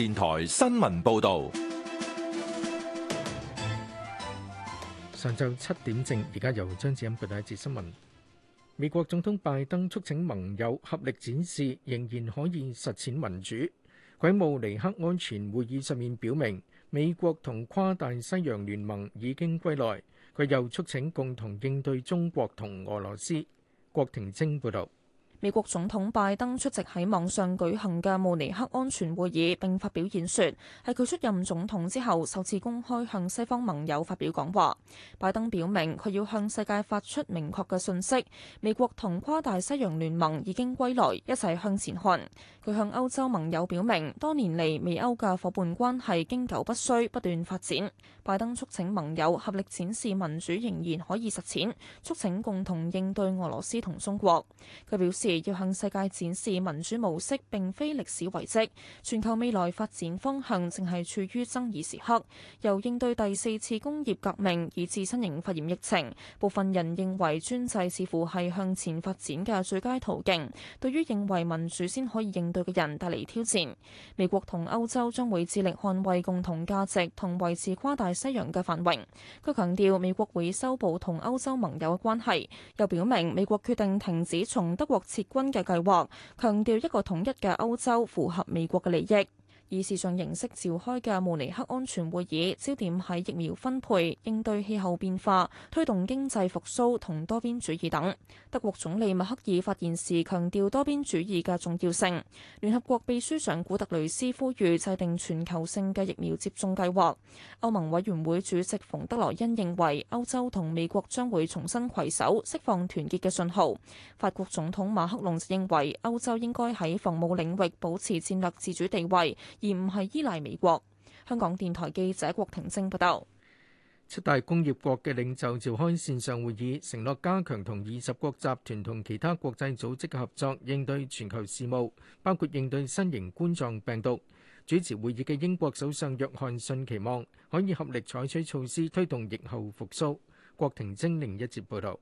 電台新聞報道：上晝七點正，而家由張子欣報道一節新聞。美國總統拜登促請盟友合力展示仍然可以實踐民主。佢喺慕尼黑安全會議上面表明，美國同跨大西洋聯盟已經歸來。佢又促請共同應對中國同俄羅斯。郭庭清報道。美國總統拜登出席喺網上舉行嘅慕尼黑安全會議，並發表演說，喺佢出任總統之後首次公開向西方盟友發表講話。拜登表明佢要向世界發出明確嘅信息：美國同跨大西洋聯盟已經歸來，一齊向前看。佢向歐洲盟友表明，多年嚟美歐嘅夥伴關係經久不衰，不斷發展。拜登促請盟友合力展示民主仍然可以實踐，促請共同應對俄羅斯同中國。佢表示。要向世界展示民主模式並非歷史遺跡，全球未來發展方向正係處於爭議時刻。由應對第四次工業革命以至新型肺炎疫情，部分人認為專制似乎係向前發展嘅最佳途徑，對於認為民主先可以應對嘅人帶嚟挑戰。美國同歐洲將會致力捍衛共同價值同維持跨大西洋嘅繁榮。佢強調美國會修補同歐洲盟友嘅關係，又表明美國決定停止從德國。撤軍嘅計劃，強調一個統一嘅歐洲符合美國嘅利益。以視像形式召開嘅慕尼黑安全會議，焦點喺疫苗分配、應對氣候變化、推動經濟復甦同多邊主義等。德國總理默克爾發言時強調多邊主義嘅重要性。聯合國秘書長古特雷斯呼籲制定全球性嘅疫苗接種計劃。歐盟委員會主席馮德萊恩認為歐洲同美國將會重新攜手，釋放團結嘅信號。法國總統馬克龍認為歐洲應該喺防務領域保持戰略自主地位，而唔係依賴美國。香港電台記者郭婷晶報道，七大工業國嘅領袖召開線上會議，承諾加強同二十國集團同其他國際組織嘅合作，應對全球事務，包括應對新型冠狀病毒。主持會議嘅英國首相約翰遜期望可以合力採取措施，推動疫後復甦。郭婷晶另一節報道。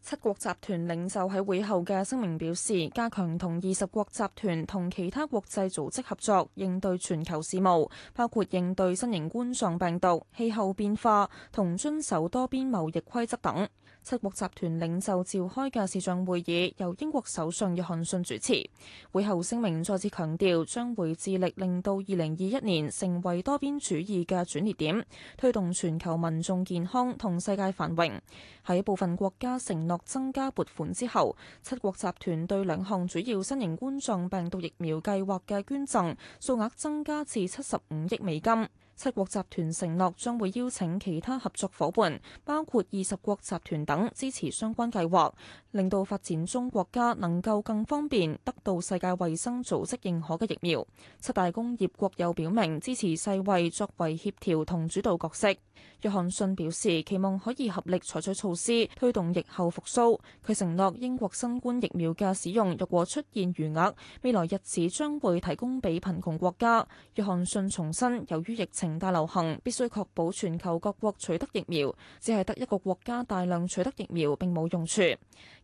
七國集團領袖喺會後嘅聲明表示，加強同二十國集團同其他國際組織合作，應對全球事務，包括應對新型冠狀病毒、氣候變化同遵守多邊貿易規則等。七國集團領袖召開嘅視像會議，由英國首相約翰遜主持。會後聲明再次強調，將會致力令到二零二一年成為多邊主義嘅轉捩點，推動全球民眾健康同世界繁榮。喺部分國家承諾增加撥款之後，七國集團對兩項主要新型冠狀病毒疫苗計劃嘅捐贈數額增加至七十五億美金。七國集團承諾將會邀請其他合作伙伴，包括二十國集團等，支持相關計劃，令到發展中國家能夠更方便得到世界衛生組織認可嘅疫苗。七大工業國又表明支持世衛作為協調同主導角色。約翰遜表示，期望可以合力採取措施推動疫後復甦。佢承諾英國新冠疫苗嘅使用若果出現餘額，未來日子將會提供俾貧窮國家。約翰遜重申由於疫情大流行必須確保全球各國取得疫苗，只係得一個國家大量取得疫苗，並冇用處。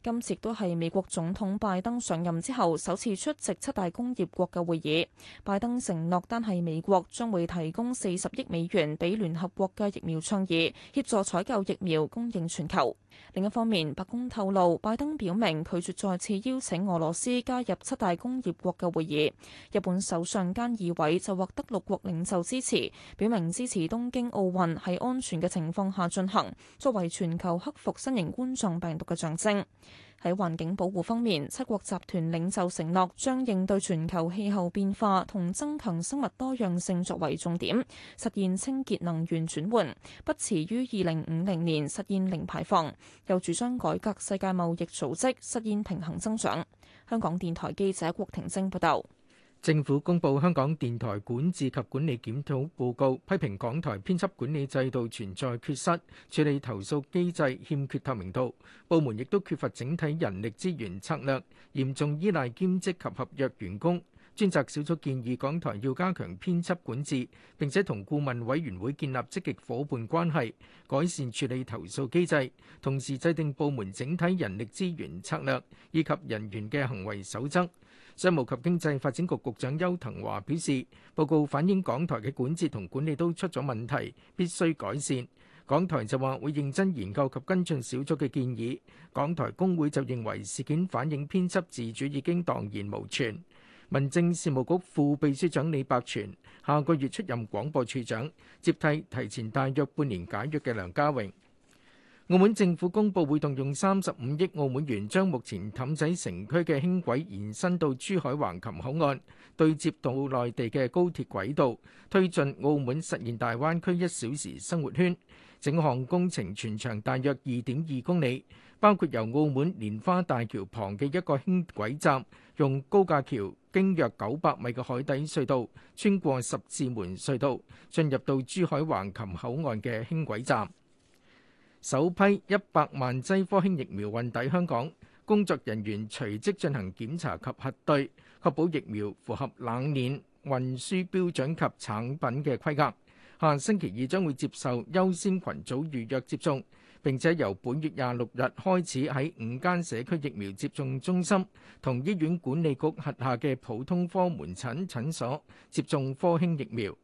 今次都係美國總統拜登上任之後首次出席七大工業國嘅會議。拜登承諾，單係美國將會提供四十億美元俾聯合國嘅疫苗倡議，協助採購疫苗供應全球。另一方面，白宮透露，拜登表明拒絕再次邀請俄羅斯加入七大工業國嘅會議。日本首相菅義偉就獲得六國領袖支持。表明支持東京奧運喺安全嘅情況下進行，作為全球克服新型冠狀病毒嘅象徵。喺環境保護方面，七國集團領袖承諾將應對全球氣候變化同增強生物多樣性作為重點，實現清潔能源轉換，不遲於二零五零年實現零排放，又主張改革世界貿易組織，實現平衡增長。香港電台記者郭婷晶報道。政府公布香港電台管治及管理檢討報告，批評港台編輯管理制度存在缺失，處理投訴機制欠缺透明度，部門亦都缺乏整體人力資源策略，嚴重依賴兼職及合約員工。專責小組建議港台要加強編輯管治，並且同顧問委員會建立積極伙伴關係，改善處理投訴機制，同時制定部門整體人力資源策略以及人員嘅行為守則。商務及經濟發展局局長邱騰華表示，報告反映港台嘅管治同管理都出咗問題，必須改善。港台就話會認真研究及跟進小組嘅建議。港台工會就認為事件反映編輯自主已經蕩然無存。民政事務局副秘書長李百全下個月出任廣播處長，接替提，提前大約半年解約嘅梁家榮。澳門政府公布會動用三十五億澳門元，將目前氹仔城區嘅輕軌延伸到珠海橫琴口岸，對接到內地嘅高鐵軌道，推進澳門實現大灣區一小時生活圈。整項工程全長大約二點二公里，包括由澳門蓮花大橋旁嘅一個輕軌站，用高架橋經約九百米嘅海底隧道，穿過十字門隧道，進入到珠海橫琴口岸嘅輕軌站。35 900首批一百萬劑科興疫苗運抵香港，工作人員隨即進行檢查及核對，確保疫苗符合冷鏈運輸標準及產品嘅規格。下星期二將會接受優先群組預約接種，並且由本月廿六日開始喺五間社區疫苗接種中心同醫院管理局轄下嘅普通科門診診所接種科興疫苗。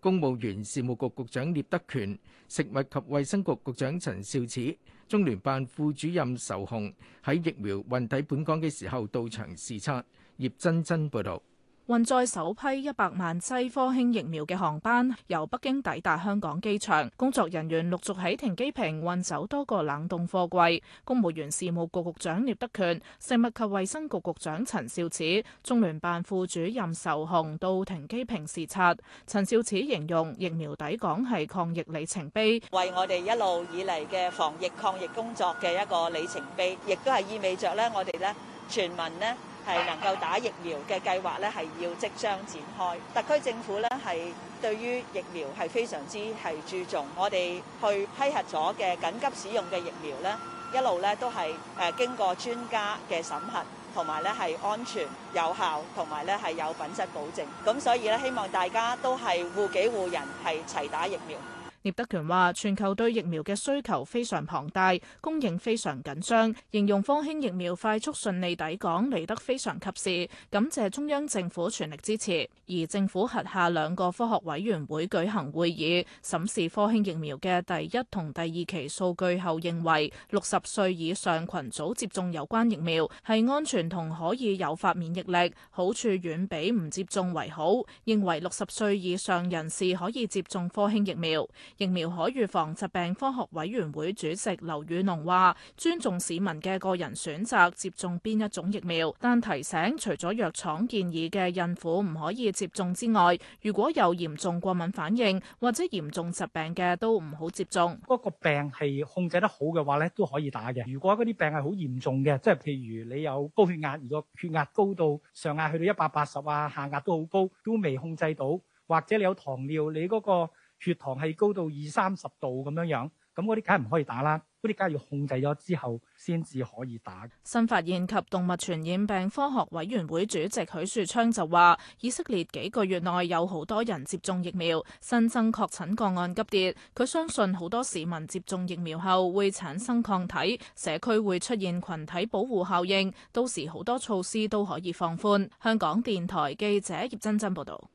公務員事務局局長聶德權、食物及衛生局局長陳肇始、中聯辦副主任仇雄喺疫苗運抵本港嘅時候到場視察。葉珍珍報導。運載首批一百萬劑科興疫苗嘅航班由北京抵達香港機場，工作人員陸續喺停機坪運走多個冷凍貨櫃。公務員事務局局長聶德權、食物及衞生局局長陳肇始、中聯辦副主任仇鴻到停機坪視察。陳肇始形容疫苗抵港係抗疫里程碑，為我哋一路以嚟嘅防疫抗疫工作嘅一個里程碑，亦都係意味著呢，我哋呢全民呢。係能夠打疫苗嘅計劃咧，係要即將展開。特區政府咧，係對於疫苗係非常之係注重。我哋去批核咗嘅緊急使用嘅疫苗咧，一路咧都係誒經過專家嘅審核，同埋咧係安全有效，同埋咧係有品質保證。咁所以咧，希望大家都係護己護人，係齊打疫苗。聶德權話：全球對疫苗嘅需求非常龐大，供應非常緊張。形容科興疫苗快速順利抵港，嚟得非常及時，感謝中央政府全力支持。而政府轄下兩個科學委員會舉行會議，審視科興疫苗嘅第一同第二期數據後，認為六十歲以上群組接種有關疫苗係安全同可以有發免疫力，好處遠比唔接種為好。認為六十歲以上人士可以接種科興疫苗。疫苗可預防疾病科學委員會主席劉宇龍話，尊重市民嘅個人選擇接種邊一種疫苗，但提醒除咗藥廠建議嘅孕婦唔可以接種之外，如果有嚴重過敏反應或者嚴重疾病嘅都唔好接種。嗰個病係控制得好嘅話咧，都可以打嘅。如果嗰啲病係好嚴重嘅，即係譬如你有高血壓，如果血壓高到上壓去到一百八十啊，下壓都好高，都未控制到，或者你有糖尿，你嗰個。血糖係高到二三十度咁樣樣，咁嗰啲梗係唔可以打啦，嗰啲梗係要控制咗之後先至可以打。新發現及動物傳染病科學委員會主席許樹昌就話，以色列幾個月內有好多人接種疫苗，新增確診個案急跌，佢相信好多市民接種疫苗後會產生抗體，社區會出現群體保護效應，到時好多措施都可以放寬。香港電台記者葉珍珍報道。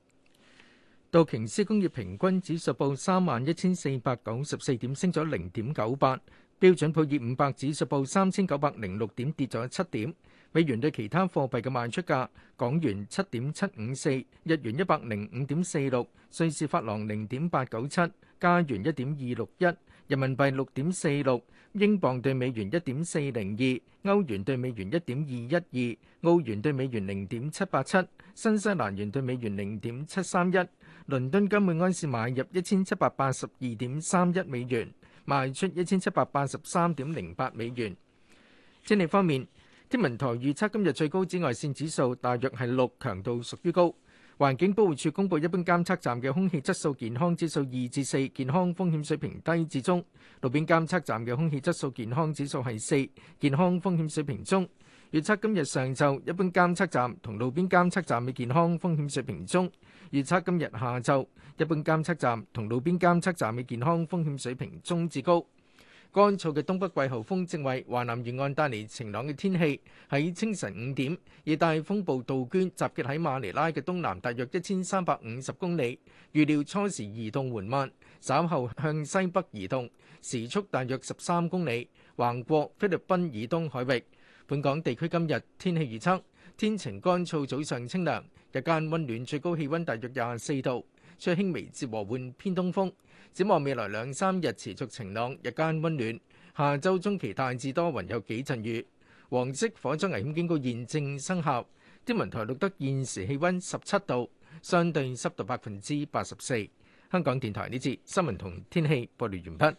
道瓊斯工業平均指數報三萬一千四百九十四點，升咗零點九八。標準普爾五百指數報三千九百零六點，跌咗七點。美元對其他貨幣嘅賣出價：港元七點七五四，日元一百零五點四六，瑞士法郎零點八九七，加元一點二六一。人民幣六點四六，英鎊對美元一點四零二，歐元對美元一點二一二，澳元對美元零點七八七，新西蘭元對美元零點七三一。倫敦金每安士買入一千七百八十二點三一美元，賣出一千七百八十三點零八美元。天氣方面，天文台預測今日最高紫外線指數大約係六，強度屬於高。環境保護署公布一般監測站嘅空氣質素健康指數二至四，健康風險水平低至中；路邊監測站嘅空氣質素健康指數係四，健康風險水平中。預測今日上晝一般監測站同路邊監測站嘅健康風險水平中；預測今日下晝一般監測站同路邊監測站嘅健康風險水平中至高。乾燥嘅東北季候風正為華南沿岸帶嚟晴朗嘅天氣，喺清晨五點，熱帶風暴杜鵑集結喺馬尼拉嘅東南大約一千三百五十公里，預料初時移動緩慢，稍後向西北移動，時速大約十三公里，橫過菲律賓以東海域。本港地區今日天氣預測，天晴乾燥早上清涼，日間温暖，最高氣温大約廿四度。吹輕微至和緩偏東風，展望未來兩三日持續晴朗，日間温暖。下週中期大致多雲有幾陣雨。黃色火災危險警告現正生效。天文台錄得現時氣温十七度，相對濕度百分之八十四。香港電台呢次新聞同天氣播報完畢。